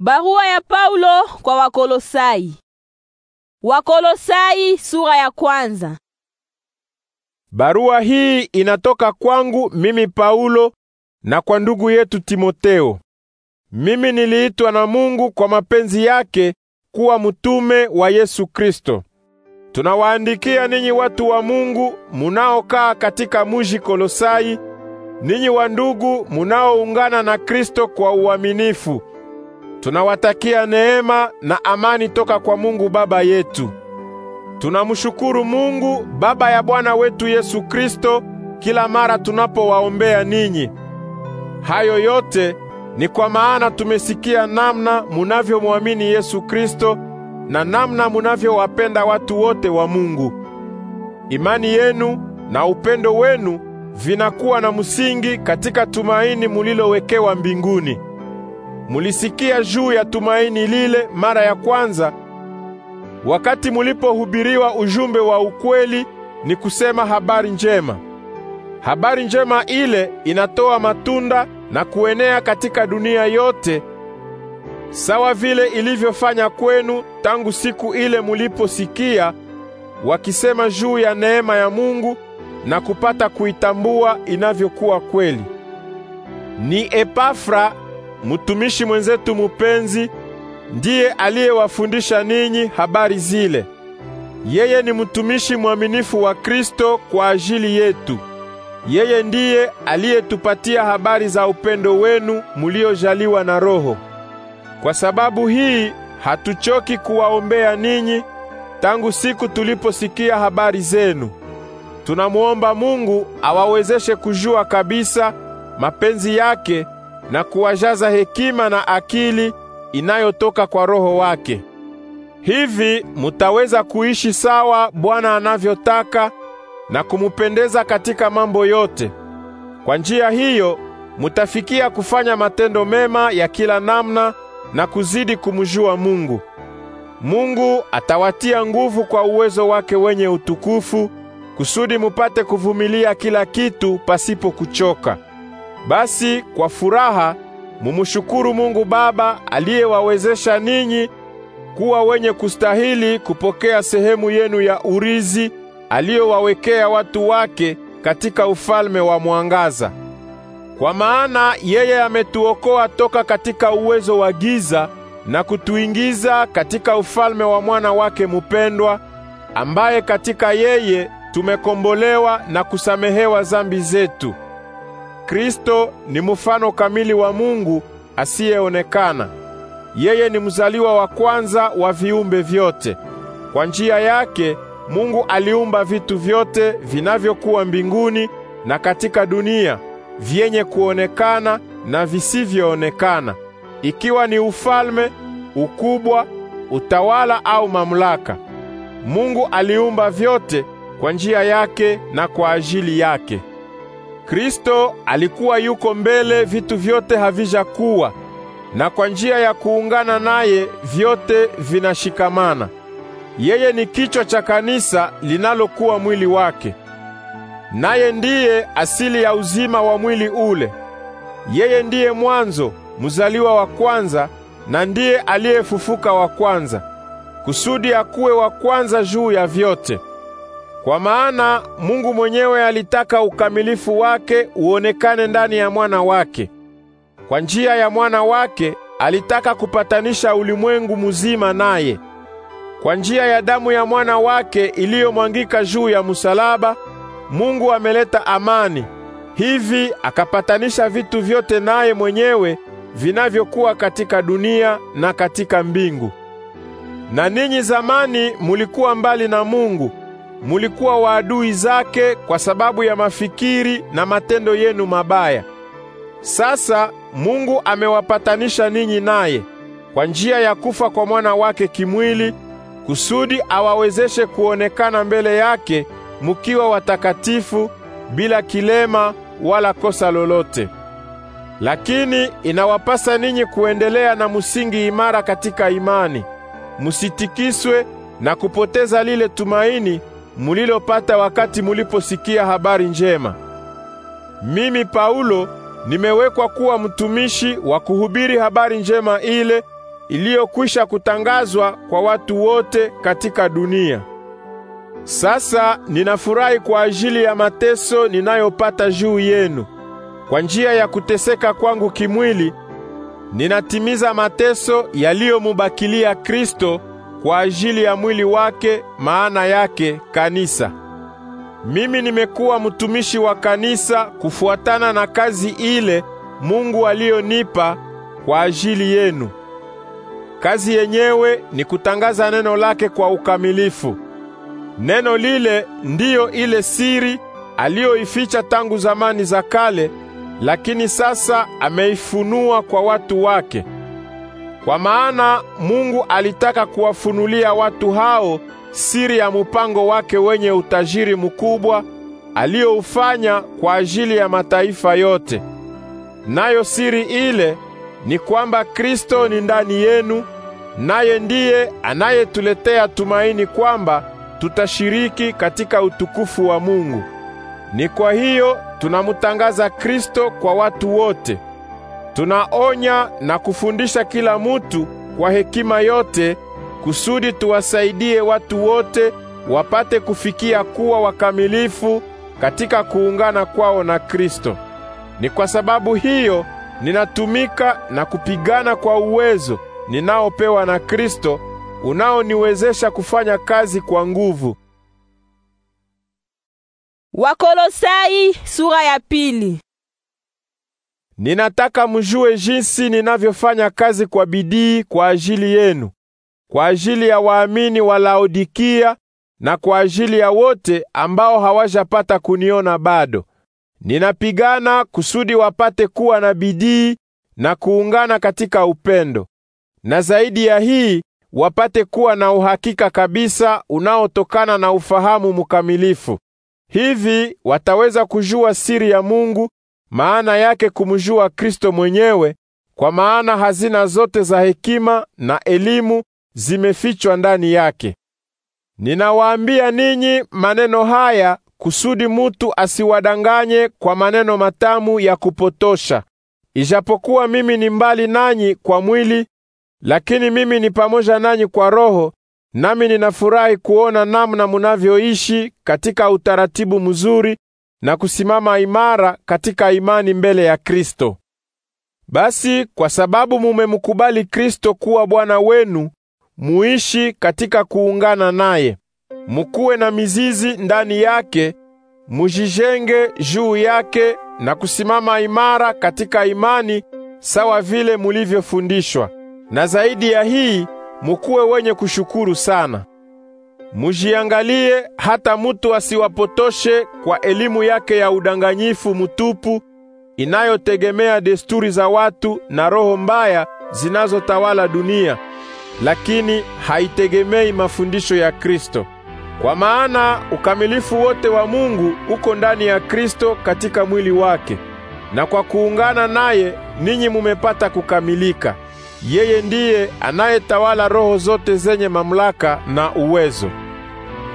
Barua ya Paulo kwa Wakolosai. Wakolosai sura ya kwanza. Barua hii inatoka kwangu mimi Paulo na kwa ndugu yetu Timoteo. Mimi niliitwa na Mungu kwa mapenzi yake kuwa mtume wa Yesu Kristo. Tunawaandikia ninyi watu wa Mungu munaokaa katika mji Kolosai, ninyi wandugu munaoungana na Kristo kwa uaminifu. Tunawatakia neema na amani toka kwa Mungu Baba yetu. Tunamshukuru Mungu Baba ya Bwana wetu Yesu Kristo kila mara tunapowaombea ninyi. Hayo yote ni kwa maana tumesikia namna munavyomwamini Yesu Kristo na namna munavyowapenda watu wote wa Mungu. Imani yenu na upendo wenu vinakuwa na msingi katika tumaini mulilowekewa mbinguni mulisikia juu ya tumaini lile mara ya kwanza wakati mulipohubiriwa ujumbe wa ukweli, ni kusema habari njema. Habari njema ile inatoa matunda na kuenea katika dunia yote, sawa vile ilivyofanya kwenu tangu siku ile muliposikia wakisema juu ya neema ya Mungu na kupata kuitambua inavyokuwa kweli. Ni Epafra mtumishi mwenzetu mupenzi ndiye aliyewafundisha ninyi habari zile. Yeye ni mtumishi mwaminifu wa Kristo kwa ajili yetu. Yeye ndiye aliyetupatia habari za upendo wenu muliojaliwa na Roho. Kwa sababu hii hatuchoki kuwaombea ninyi tangu siku tuliposikia habari zenu. Tunamwomba Mungu awawezeshe kujua kabisa mapenzi yake na kuwajaza hekima na akili inayotoka kwa Roho wake. Hivi mutaweza kuishi sawa Bwana anavyotaka na kumupendeza katika mambo yote. Kwa njia hiyo mutafikia kufanya matendo mema ya kila namna na kuzidi kumjua Mungu. Mungu atawatia nguvu kwa uwezo wake wenye utukufu kusudi mupate kuvumilia kila kitu pasipo kuchoka. Basi kwa furaha mumshukuru Mungu Baba aliyewawezesha ninyi kuwa wenye kustahili kupokea sehemu yenu ya urizi aliyowawekea watu wake katika ufalme wa mwangaza. Kwa maana yeye ametuokoa toka katika uwezo wa giza na kutuingiza katika ufalme wa mwana wake mupendwa, ambaye katika yeye tumekombolewa na kusamehewa zambi zetu. Kristo ni mfano kamili wa Mungu asiyeonekana. Yeye ni mzaliwa wa kwanza wa viumbe vyote. Kwa njia yake Mungu aliumba vitu vyote vinavyokuwa mbinguni na katika dunia, vyenye kuonekana na visivyoonekana, ikiwa ni ufalme, ukubwa, utawala au mamlaka. Mungu aliumba vyote kwa njia yake na kwa ajili yake. Kristo alikuwa yuko mbele, vitu vyote havijakuwa, na kwa njia ya kuungana naye vyote vinashikamana. Yeye ni kichwa cha kanisa linalokuwa mwili wake, naye ndiye asili ya uzima wa mwili ule. Yeye ndiye mwanzo, mzaliwa wa kwanza, na ndiye aliyefufuka wa kwanza, kusudi akuwe wa kwanza juu ya vyote. Kwa maana Mungu mwenyewe alitaka ukamilifu wake uonekane ndani ya mwana wake. Kwa njia ya mwana wake alitaka kupatanisha ulimwengu mzima naye. Kwa njia ya damu ya mwana wake iliyomwangika juu ya msalaba, Mungu ameleta amani. Hivi akapatanisha vitu vyote naye mwenyewe vinavyokuwa katika dunia na katika mbingu. Na ninyi zamani mulikuwa mbali na Mungu mulikuwa waadui zake kwa sababu ya mafikiri na matendo yenu mabaya. Sasa Mungu amewapatanisha ninyi naye kwa njia ya kufa kwa mwana wake kimwili, kusudi awawezeshe kuonekana mbele yake mukiwa watakatifu bila kilema wala kosa lolote. Lakini inawapasa ninyi kuendelea na msingi imara katika imani, musitikiswe na kupoteza lile tumaini mulilopata wakati muliposikia habari njema. Mimi Paulo nimewekwa kuwa mtumishi wa kuhubiri habari njema ile iliyokwisha kutangazwa kwa watu wote katika dunia. Sasa ninafurahi kwa ajili ya mateso ninayopata juu yenu. Kwa njia ya kuteseka kwangu kimwili, ninatimiza mateso yaliyomubakilia Kristo kwa ajili ya mwili wake, maana yake kanisa. Mimi nimekuwa mtumishi wa kanisa kufuatana na kazi ile Mungu aliyonipa kwa ajili yenu. Kazi yenyewe ni kutangaza neno lake kwa ukamilifu. Neno lile ndiyo ile siri aliyoificha tangu zamani za kale, lakini sasa ameifunua kwa watu wake. Kwa maana Mungu alitaka kuwafunulia watu hao siri ya mpango wake wenye utajiri mkubwa aliyoufanya kwa ajili ya mataifa yote. Nayo siri ile ni kwamba Kristo ni ndani yenu, naye ndiye anayetuletea tumaini kwamba tutashiriki katika utukufu wa Mungu. Ni kwa hiyo tunamtangaza Kristo kwa watu wote. Tunaonya na kufundisha kila mutu kwa hekima yote kusudi tuwasaidie watu wote wapate kufikia kuwa wakamilifu katika kuungana kwao na Kristo. Ni kwa sababu hiyo ninatumika na kupigana kwa uwezo ninaopewa na Kristo unaoniwezesha kufanya kazi kwa nguvu. Wakolosai sura ya pili. Ninataka mjue jinsi ninavyofanya kazi kwa bidii kwa ajili yenu, kwa ajili ya waamini wa Laodikia na kwa ajili ya wote ambao hawajapata kuniona bado. Ninapigana kusudi wapate kuwa na bidii na kuungana katika upendo. Na zaidi ya hii, wapate kuwa na uhakika kabisa unaotokana na ufahamu mkamilifu. Hivi wataweza kujua siri ya Mungu maana yake kumjua Kristo mwenyewe, kwa maana hazina zote za hekima na elimu zimefichwa ndani yake. Ninawaambia ninyi maneno haya kusudi mutu asiwadanganye kwa maneno matamu ya kupotosha. Ijapokuwa mimi ni mbali nanyi kwa mwili, lakini mimi ni pamoja nanyi kwa roho, nami ninafurahi kuona namna munavyoishi katika utaratibu mzuri na kusimama imara katika imani mbele ya Kristo. Basi kwa sababu mumemkubali Kristo kuwa Bwana wenu, muishi katika kuungana naye, mukuwe na mizizi ndani yake, mujijenge juu yake na kusimama imara katika imani sawa vile mulivyofundishwa, na zaidi ya hii mukuwe wenye kushukuru sana. Mujiangalie hata mutu asiwapotoshe kwa elimu yake ya udanganyifu mutupu inayotegemea desturi za watu na roho mbaya zinazotawala dunia, lakini haitegemei mafundisho ya Kristo. Kwa maana ukamilifu wote wa Mungu uko ndani ya Kristo katika mwili wake, na kwa kuungana naye ninyi mumepata kukamilika. Yeye ndiye anayetawala roho zote zenye mamlaka na uwezo.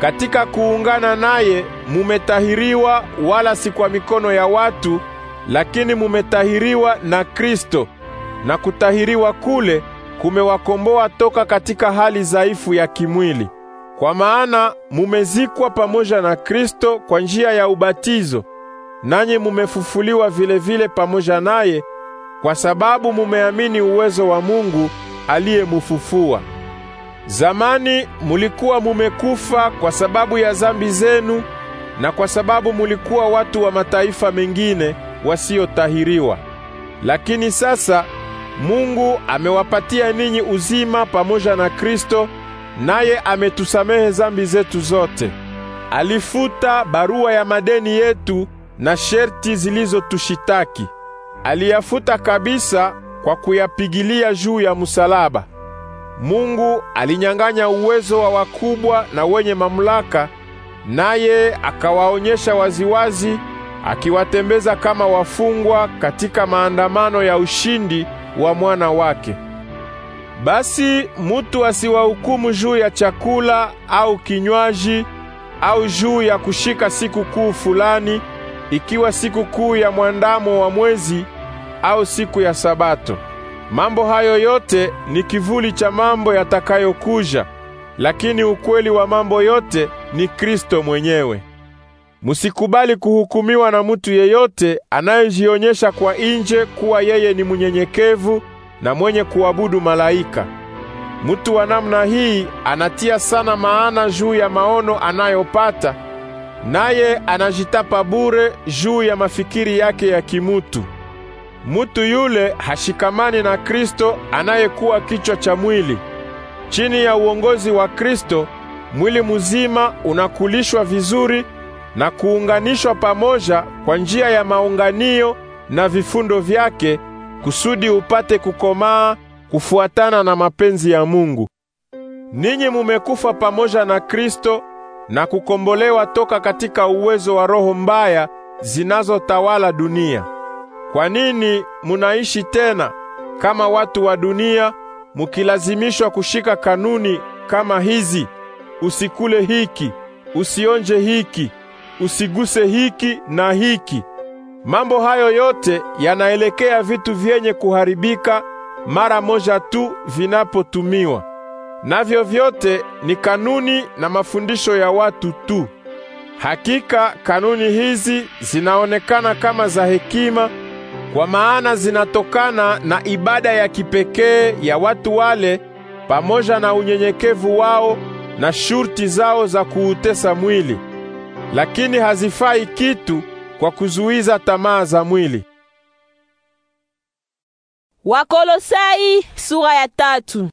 Katika kuungana naye mumetahiriwa, wala si kwa mikono ya watu, lakini mumetahiriwa na Kristo, na kutahiriwa kule kumewakomboa toka katika hali dhaifu ya kimwili. Kwa maana mumezikwa pamoja na Kristo kwa njia ya ubatizo, nanyi mumefufuliwa vile vile pamoja naye, kwa sababu mumeamini uwezo wa Mungu aliyemufufua. Zamani mulikuwa mumekufa kwa sababu ya zambi zenu na kwa sababu mulikuwa watu wa mataifa mengine wasiotahiriwa. Lakini sasa Mungu amewapatia ninyi uzima pamoja na Kristo, naye ametusamehe zambi zetu zote. Alifuta barua ya madeni yetu na sherti zilizotushitaki. Aliyafuta kabisa kwa kuyapigilia juu ya msalaba. Mungu alinyang'anya uwezo wa wakubwa na wenye mamlaka, naye akawaonyesha waziwazi, akiwatembeza kama wafungwa katika maandamano ya ushindi wa mwana wake. Basi mutu asiwahukumu juu ya chakula au kinywaji au juu ya kushika siku kuu fulani, ikiwa siku kuu ya mwandamo wa mwezi au siku ya Sabato. Mambo hayo yote ni kivuli cha mambo yatakayokuja, lakini ukweli wa mambo yote ni Kristo mwenyewe. Musikubali kuhukumiwa na mutu yeyote anayejionyesha kwa nje kuwa yeye ni mnyenyekevu na mwenye kuabudu malaika. Mutu wa namna hii anatia sana maana juu ya maono anayopata, naye anajitapa bure juu ya mafikiri yake ya kimutu mutu yule hashikamani na Kristo anayekuwa kichwa cha mwili. Chini ya uongozi wa Kristo, mwili mzima unakulishwa vizuri na kuunganishwa pamoja kwa njia ya maunganio na vifundo vyake, kusudi upate kukomaa kufuatana na mapenzi ya Mungu. Ninyi mumekufa pamoja na Kristo na kukombolewa toka katika uwezo wa roho mbaya zinazotawala dunia. Kwa nini munaishi tena kama watu wa dunia mukilazimishwa kushika kanuni kama hizi: usikule hiki, usionje hiki, usiguse hiki na hiki? Mambo hayo yote yanaelekea vitu vyenye kuharibika mara moja tu vinapotumiwa. Navyo vyote ni kanuni na mafundisho ya watu tu. Hakika kanuni hizi zinaonekana kama za hekima kwa maana zinatokana na ibada ya kipekee ya watu wale pamoja na unyenyekevu wao na shurti zao za kuutesa mwili, lakini hazifai kitu kwa kuzuiza tamaa za mwili. Wakolosai sura ya tatu.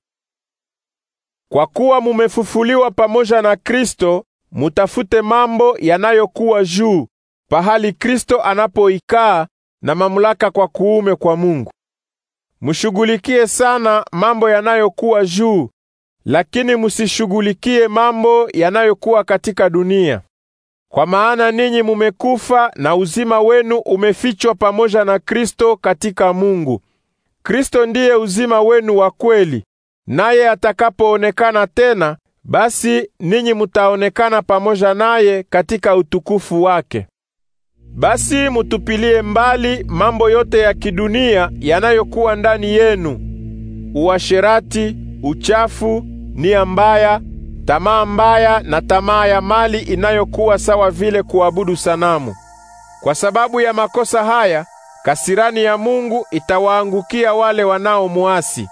Kwa kuwa mumefufuliwa pamoja na Kristo, mutafute mambo yanayokuwa juu, pahali Kristo anapoikaa na mamlaka kwa kuume kwa Mungu. Mshughulikie sana mambo yanayokuwa juu, lakini msishughulikie mambo yanayokuwa katika dunia. Kwa maana ninyi mumekufa na uzima wenu umefichwa pamoja na Kristo katika Mungu. Kristo ndiye uzima wenu wa kweli. Naye atakapoonekana tena, basi ninyi mutaonekana pamoja naye katika utukufu wake. Basi mutupilie mbali mambo yote ya kidunia yanayokuwa ndani yenu: uasherati, uchafu, nia mbaya, tamaa mbaya na tamaa ya mali inayokuwa sawa vile kuabudu sanamu. Kwa sababu ya makosa haya, kasirani ya Mungu itawaangukia wale wanaomuasi.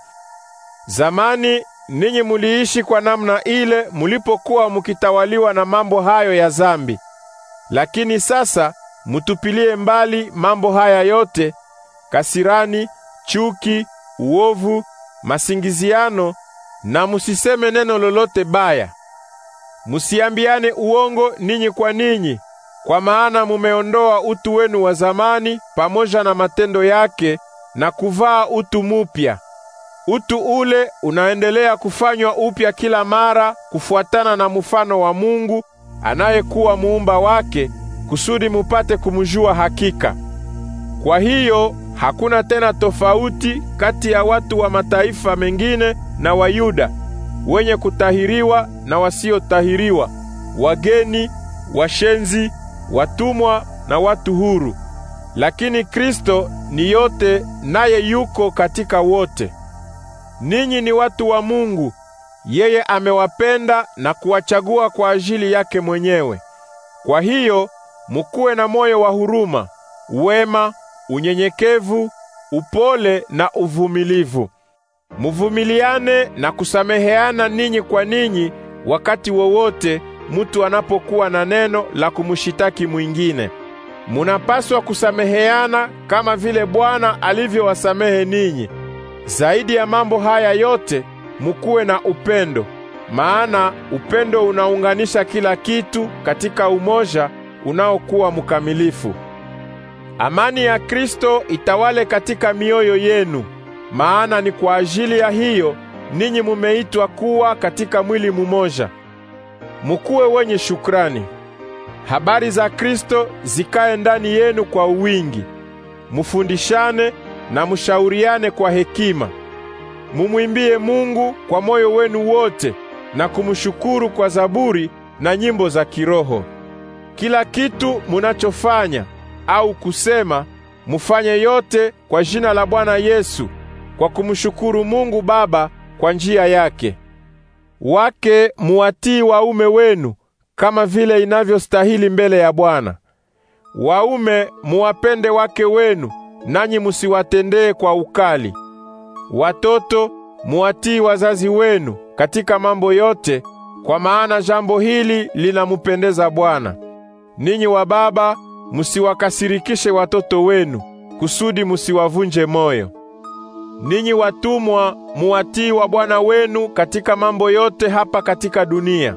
Zamani ninyi muliishi kwa namna ile mulipokuwa mukitawaliwa na mambo hayo ya zambi, lakini sasa Mutupilie mbali mambo haya yote: kasirani, chuki, uovu, masingiziano na musiseme neno lolote baya. Musiambiane uongo ninyi kwa ninyi, kwa maana mumeondoa utu wenu wa zamani pamoja na matendo yake na kuvaa utu mupya. Utu ule unaendelea kufanywa upya kila mara kufuatana na mfano wa Mungu anayekuwa muumba wake kusudi mupate kumjua hakika. Kwa hiyo hakuna tena tofauti kati ya watu wa mataifa mengine na Wayuda, wenye kutahiriwa na wasiotahiriwa, wageni, washenzi, watumwa na watu huru. Lakini Kristo ni yote naye yuko katika wote. Ninyi ni watu wa Mungu. Yeye amewapenda na kuwachagua kwa ajili yake mwenyewe. Kwa hiyo mukuwe na moyo wa huruma, wema, unyenyekevu, upole na uvumilivu. Muvumiliane na kusameheana ninyi kwa ninyi wakati wowote mutu anapokuwa na neno la kumshitaki mwingine. Munapaswa kusameheana kama vile Bwana alivyowasamehe ninyi. Zaidi ya mambo haya yote, mukuwe na upendo, maana upendo unaunganisha kila kitu katika umoja unaokuwa mkamilifu. Amani ya Kristo itawale katika mioyo yenu, maana ni kwa ajili ya hiyo ninyi mumeitwa kuwa katika mwili mumoja. Mukuwe wenye shukrani. Habari za Kristo zikae ndani yenu kwa uwingi Mufundishane na mushauriane kwa hekima. Mumwimbie Mungu kwa moyo wenu wote na kumshukuru kwa zaburi na nyimbo za kiroho. Kila kitu munachofanya au kusema mufanye yote kwa jina la Bwana Yesu kwa kumshukuru Mungu Baba kwa njia yake. Wake muwatii waume wenu kama vile inavyostahili mbele ya Bwana. Waume muwapende wake wenu, nanyi musiwatendee kwa ukali. Watoto muwatii wazazi wenu katika mambo yote, kwa maana jambo hili linamupendeza Bwana. Ninyi wa baba, musiwakasirikishe watoto wenu kusudi musiwavunje moyo. Ninyi watumwa, muwatii wa bwana wenu katika mambo yote hapa katika dunia.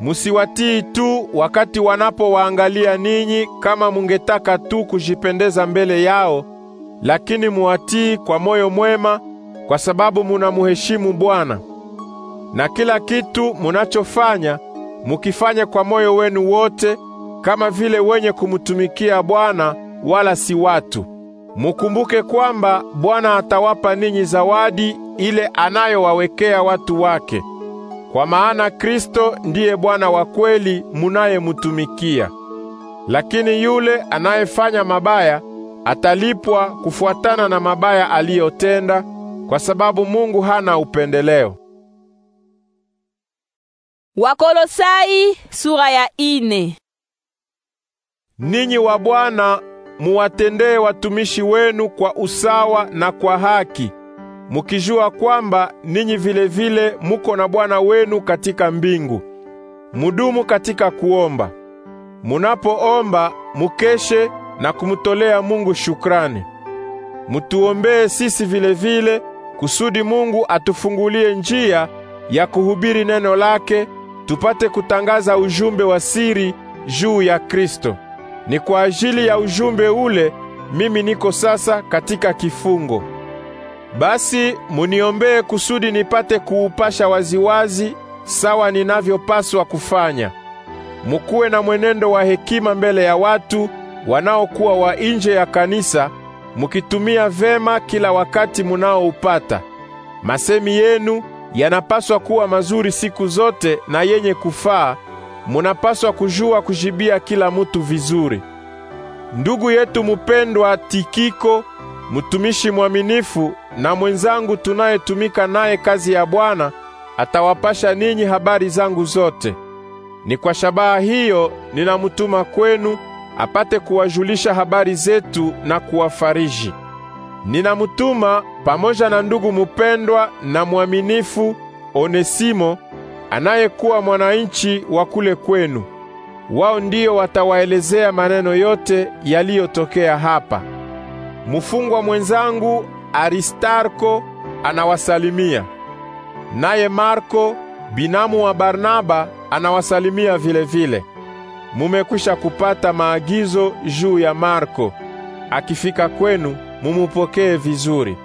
Musiwatii tu wakati wanapowaangalia ninyi, kama mungetaka tu kujipendeza mbele yao, lakini muwatii kwa moyo mwema, kwa sababu munamheshimu Bwana. Na kila kitu munachofanya mukifanya kwa moyo wenu wote kama vile wenye kumtumikia Bwana wala si watu. Mukumbuke kwamba Bwana atawapa ninyi zawadi ile anayowawekea watu wake. Kwa maana Kristo ndiye Bwana wa kweli munayemutumikia. Lakini yule anayefanya mabaya atalipwa kufuatana na mabaya aliyotenda, kwa sababu Mungu hana upendeleo. Wakolosai sura ya ine. Ninyi wa Bwana muwatendee watumishi wenu kwa usawa na kwa haki, mukijua kwamba ninyi vilevile muko na Bwana wenu katika mbingu. Mudumu katika kuomba, munapoomba mukeshe na kumtolea Mungu shukrani. Mutuombee sisi vilevile vile, kusudi Mungu atufungulie njia ya kuhubiri neno lake tupate kutangaza ujumbe wa siri juu ya Kristo. Ni kwa ajili ya ujumbe ule mimi niko sasa katika kifungo. Basi muniombee kusudi nipate kuupasha waziwazi sawa ninavyopaswa kufanya. Mukuwe na mwenendo wa hekima mbele ya watu wanaokuwa wa nje ya kanisa, mukitumia vema kila wakati munaoupata. Masemi yenu yanapaswa kuwa mazuri siku zote na yenye kufaa. Munapaswa kujua kujibia kila mutu vizuri. Ndugu yetu mupendwa Tikiko, mtumishi mwaminifu na mwenzangu tunayetumika naye kazi ya Bwana, atawapasha ninyi habari zangu zote. Ni kwa shabaha hiyo ninamutuma kwenu apate kuwajulisha habari zetu na kuwafariji ninamutuma pamoja na ndugu mupendwa na mwaminifu Onesimo anayekuwa mwananchi wa kule kwenu. Wao ndio watawaelezea maneno yote yaliyotokea hapa. Mfungwa mwenzangu Aristarko anawasalimia, naye Marko binamu wa Barnaba anawasalimia vilevile. Mumekwisha kupata maagizo juu ya Marko akifika kwenu mumupokee vizuri.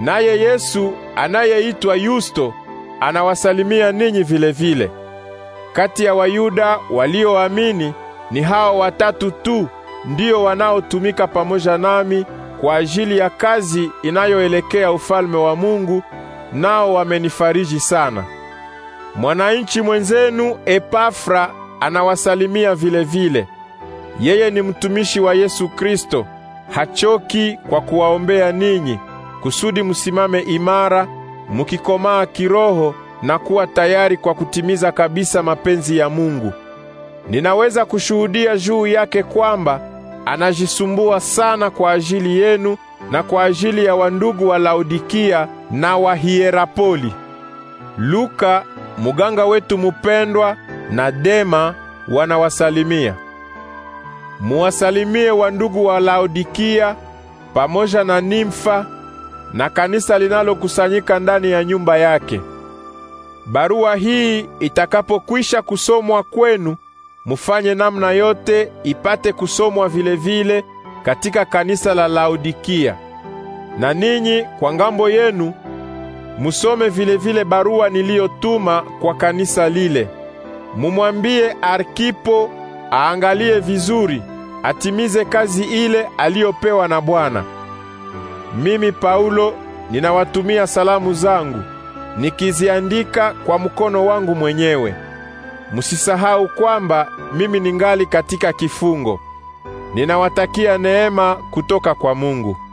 Naye Yesu anayeitwa Yusto anawasalimia ninyi vilevile. Kati ya Wayuda walioamini ni hao watatu tu ndio wanaotumika pamoja nami kwa ajili ya kazi inayoelekea ufalme wa Mungu, nao wamenifariji sana. Mwananchi mwenzenu Epafra anawasalimia vile vile. Yeye ni mtumishi wa Yesu Kristo hachoki kwa kuwaombea ninyi kusudi msimame imara mukikomaa kiroho na kuwa tayari kwa kutimiza kabisa mapenzi ya Mungu. Ninaweza kushuhudia juu yake kwamba anajisumbua sana kwa ajili yenu na kwa ajili ya wandugu wa Laodikia na wa Hierapoli. Luka muganga wetu mupendwa na Dema wanawasalimia. Muwasalimie wandugu wa Laodikia pamoja na Nimfa na kanisa linalokusanyika ndani ya nyumba yake. Barua hii itakapokwisha kusomwa kwenu, mufanye namna yote ipate kusomwa vilevile vile katika kanisa la Laodikia. Na ninyi kwa ngambo yenu musome vilevile vile barua niliyotuma kwa kanisa lile. Mumwambie Arkipo aangalie vizuri, atimize kazi ile aliyopewa na Bwana. Mimi Paulo ninawatumia salamu zangu nikiziandika kwa mkono wangu mwenyewe. Msisahau kwamba mimi ningali katika kifungo. Ninawatakia neema kutoka kwa Mungu.